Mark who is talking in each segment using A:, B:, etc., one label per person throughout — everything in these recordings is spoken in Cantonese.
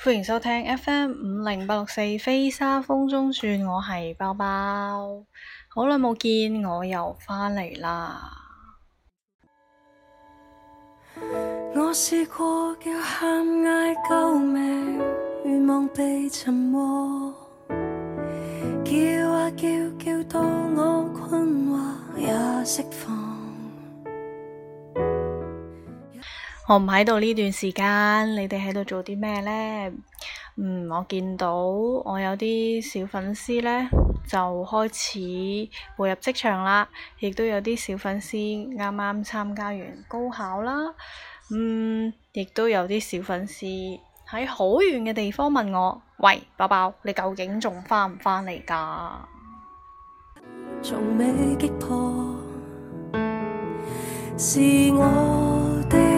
A: 歡迎收聽 FM 五零八六四，飛沙風中轉，我係包包，好耐冇見，我又返嚟啦。我試過叫
B: 喊嗌救命，願望被沉默，
A: 叫啊叫叫，叫到我困惑，也釋放。我唔喺度呢段時間，你哋喺度做啲咩呢？嗯，我見到我有啲小粉絲呢，就開始步入職場啦，亦都有啲小粉絲啱啱參加完高考啦。嗯，亦都有啲小粉絲喺好遠嘅地方問我：喂，寶寶，你究竟仲翻唔翻嚟㗎？從未擊破，
B: 是我的。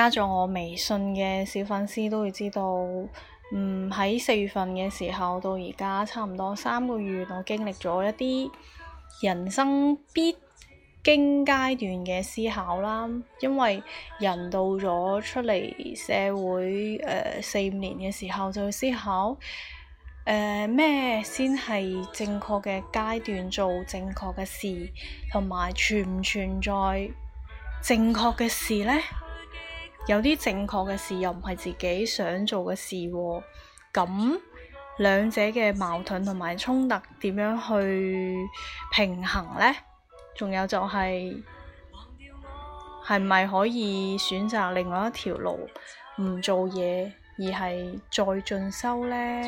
A: 加咗我微信嘅小粉絲都會知道，嗯，喺四月份嘅時候到而家差唔多三個月，我經歷咗一啲人生必經階段嘅思考啦。因為人到咗出嚟社會誒四五年嘅時候，就會思考誒咩、呃、先係正確嘅階段做正確嘅事，同埋存唔存在正確嘅事咧？有啲正確嘅事又唔係自己想做嘅事，咁、嗯、兩者嘅矛盾同埋衝突點樣去平衡呢？仲有就係，係咪可以選擇另外一條路，唔做嘢而係再進修呢？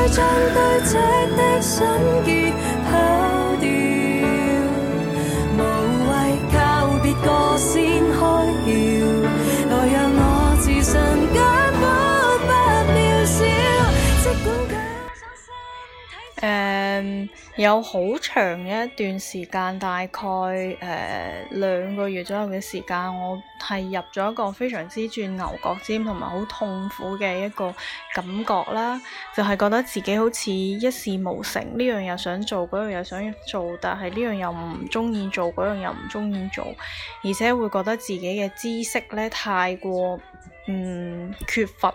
B: 來讓我自信，根本不渺
A: 小。即管誒，有好長嘅一段時間，大概誒、呃、兩個月左右嘅時間，我。係入咗一個非常之鑽牛角尖同埋好痛苦嘅一個感覺啦，就係、是、覺得自己好似一事無成，呢樣又想做，嗰樣又想做，但係呢樣又唔中意做，嗰樣又唔中意做，而且會覺得自己嘅知識呢太過唔、嗯、缺乏，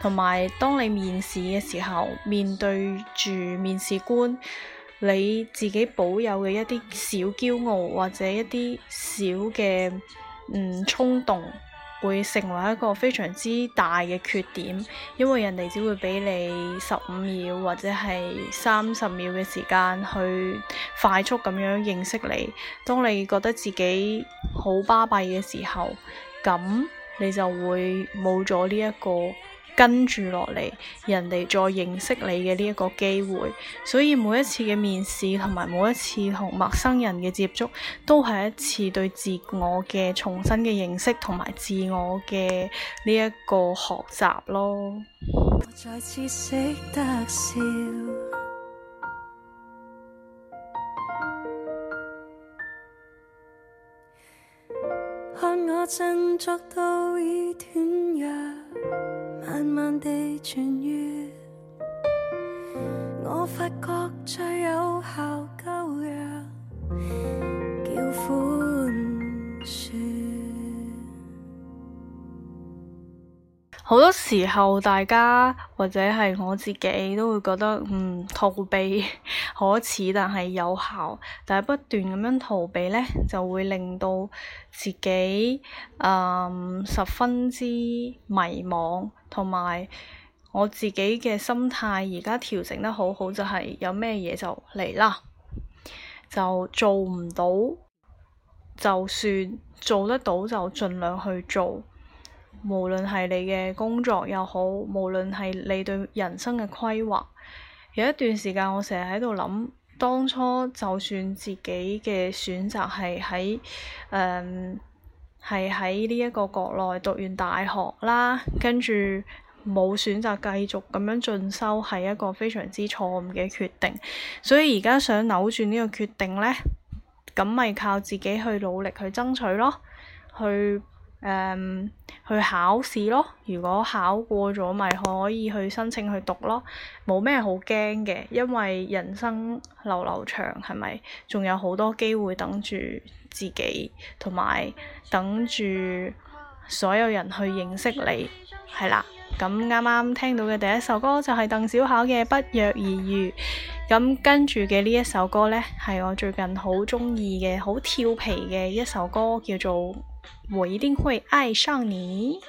A: 同埋當你面試嘅時候，面對住面試官，你自己保有嘅一啲小驕傲或者一啲小嘅。嗯，衝動會成為一個非常之大嘅缺點，因為人哋只會畀你十五秒或者係三十秒嘅時間去快速咁樣認識你。當你覺得自己好巴閉嘅時候，咁你就會冇咗呢一個。跟住落嚟，人哋再認識你嘅呢一個機會，所以每一次嘅面試同埋每一次同陌生人嘅接觸，都係一次對自我嘅重新嘅認識同埋自我嘅呢一個學習咯。我
B: 再次識得笑，慢慢地痊癒，我發覺最有效救藥叫
A: 寬恕。好多時候，大家。或者係我自己都會覺得，嗯，逃避可恥，但係有效。但係不斷咁樣逃避咧，就會令到自己誒、嗯、十分之迷惘，同埋我自己嘅心態而家調整得好好，就係、是、有咩嘢就嚟啦，就做唔到，就算做得到就盡量去做。無論係你嘅工作又好，無論係你對人生嘅規劃，有一段時間我成日喺度諗，當初就算自己嘅選擇係喺誒係喺呢一個國內讀完大學啦，跟住冇選擇繼續咁樣進修，係一個非常之錯誤嘅決定。所以而家想扭轉呢個決定咧，咁咪靠自己去努力去爭取咯，去。Um, 去考試咯，如果考過咗，咪可以去申請去讀咯，冇咩好驚嘅，因為人生流流長，係咪仲有好多機會等住自己，同埋等住所有人去認識你，係啦。咁啱啱聽到嘅第一首歌就係鄧小巧嘅《不約而遇》，咁跟住嘅呢一首歌呢，係我最近好鍾意嘅，好跳皮嘅一首歌，叫做。我一定會愛上你。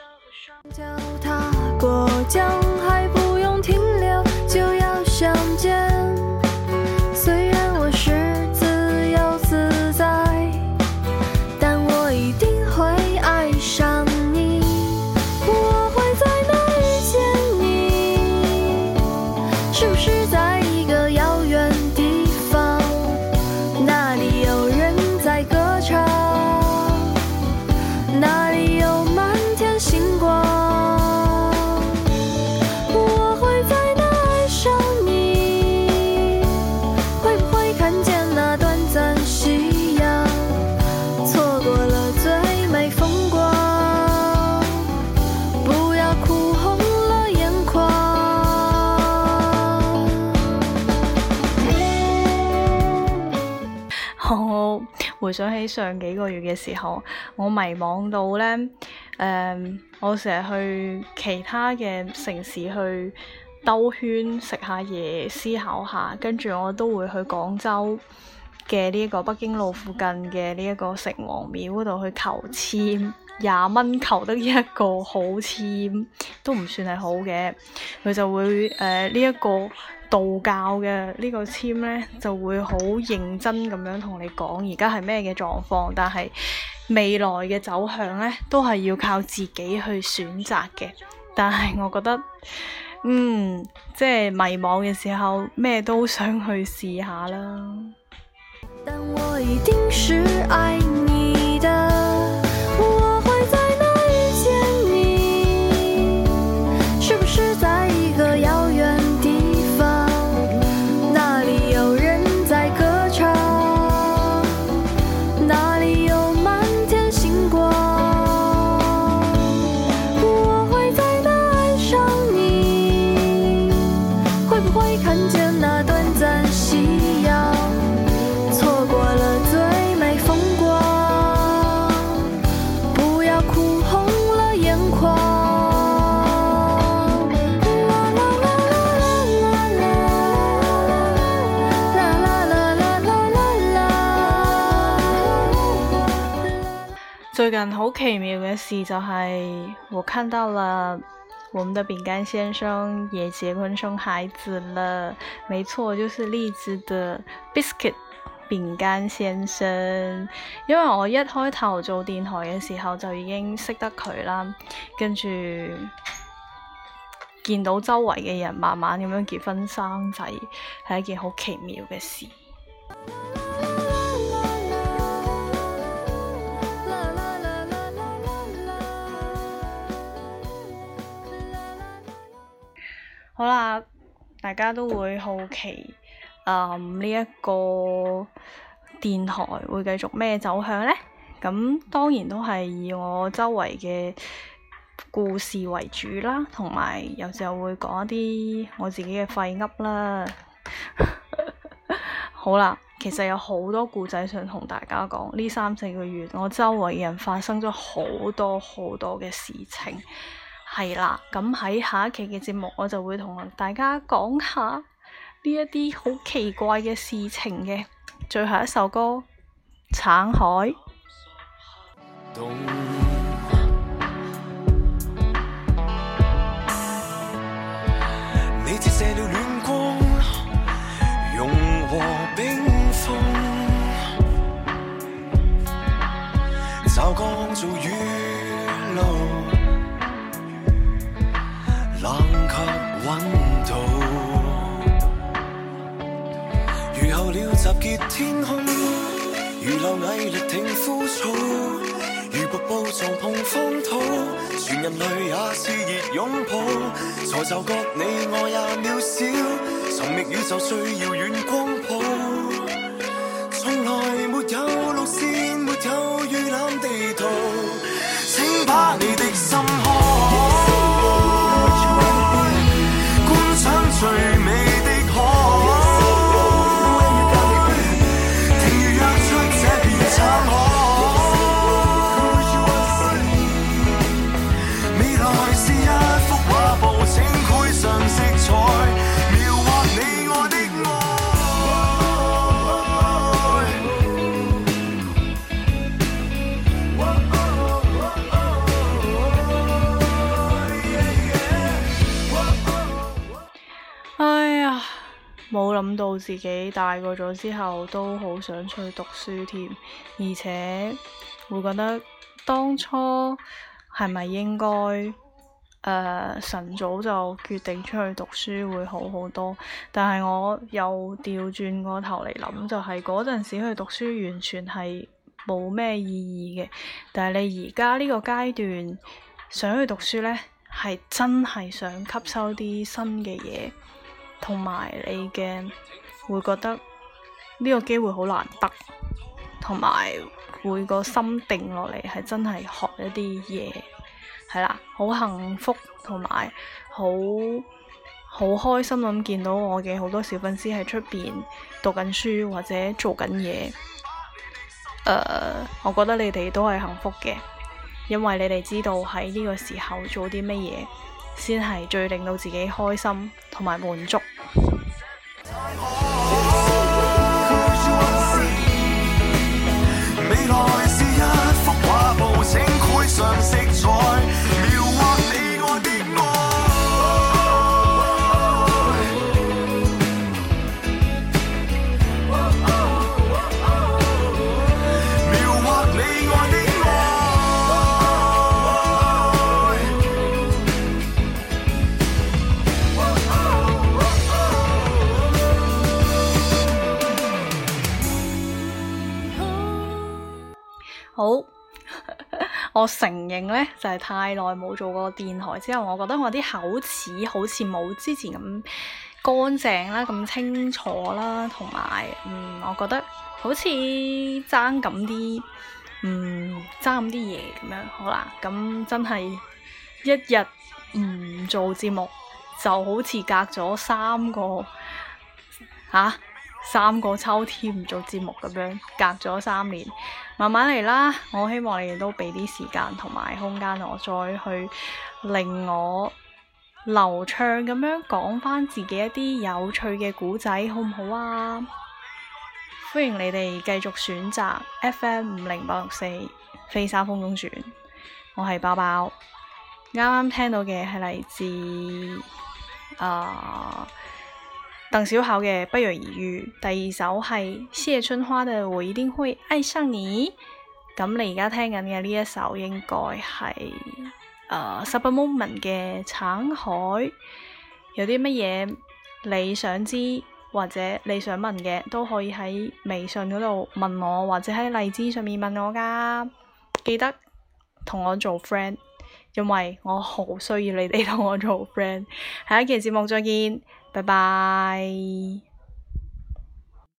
A: 我 回想起上幾個月嘅時候，我迷惘到咧，誒、嗯，我成日去其他嘅城市去兜圈食下嘢，思考下，跟住我都會去廣州嘅呢一個北京路附近嘅呢一個城隍廟嗰度去求籤。廿蚊求得一個好簽，都唔算係好嘅。佢就會誒、呢一個道教嘅呢個簽咧，就會好認真咁樣同你講而家係咩嘅狀況，但係未來嘅走向咧，都係要靠自己去選擇嘅。但係我覺得，嗯，即係迷茫嘅時候，咩都想去試下啦。但我一定是愛最近好奇妙嘅事就係，我看到了我們的餅乾先生也結婚生孩子了。沒錯，就是荔枝的 Biscuit 餅乾先生。因為我一開頭做電台嘅時候就已經識得佢啦，跟住見到周圍嘅人慢慢咁樣結婚生仔，係、就是、一件好奇妙嘅事。好啦，大家都會好奇，誒呢一個電台會繼續咩走向呢？咁當然都係以我周圍嘅故事為主啦，同埋有時候會講一啲我自己嘅廢噏啦。 好啦，其實有好多故仔想同大家講。呢三四個月，我周圍嘅人發生咗好多好多嘅事情。係啦，咁喺下一期嘅節目，我就會同大家講下呢一啲好奇怪嘅事情嘅。最後一首歌《橙海》。
C: 了集結天空，如螻蟻力挺枯草，如瀑布撞碰荒土，全人類也熾熱擁抱，才就覺你我也渺小，尋覓宇宙最遙遠光。
A: 冇諗到自己大個咗之後都好想出去讀書添，而且會覺得當初係咪應該誒、呃、晨早就決定出去讀書會好好多？但係我又調轉個頭嚟諗，就係嗰陣時去讀書完全係冇咩意義嘅。但係你而家呢個階段想去讀書呢，係真係想吸收啲新嘅嘢。同埋你嘅會覺得呢個機會好難得，同埋會個心定落嚟係真係學一啲嘢，係啦，好幸福同埋好好開心咁見到我嘅好多小粉絲喺出邊讀緊書或者做緊嘢。誒、呃，我覺得你哋都係幸福嘅，因為你哋知道喺呢個時候做啲乜嘢。先係最令到自己開心同埋滿足。我承認咧，就係、是、太耐冇做過電台之後，我覺得我啲口齒好似冇之前咁乾淨啦，咁清楚啦，同埋嗯，我覺得好似爭咁啲嗯，爭咁啲嘢咁樣，好啦，咁真係一日唔做節目就好似隔咗三個嚇。啊三個秋天唔做節目咁樣，隔咗三年，慢慢嚟啦。我希望你哋都畀啲時間同埋空間我，再去令我流暢咁樣講翻自己一啲有趣嘅故仔，好唔好啊？歡迎你哋繼續選擇 FM 五零八六四《飛沙風中轉》我寶寶，我係包包。啱啱聽到嘅係嚟自啊～、呃鄧小巧嘅不約而遇，第二首係謝春花的我一定會愛上你。咁你而家聽緊嘅呢一首應該係誒、呃、Super Moment 嘅橙海。有啲乜嘢你想知或者你想問嘅，都可以喺微信嗰度問我，或者喺荔枝上面問我噶。記得同我做 friend，因為我好需要你哋同我做 friend。下一期節目再見。拜拜。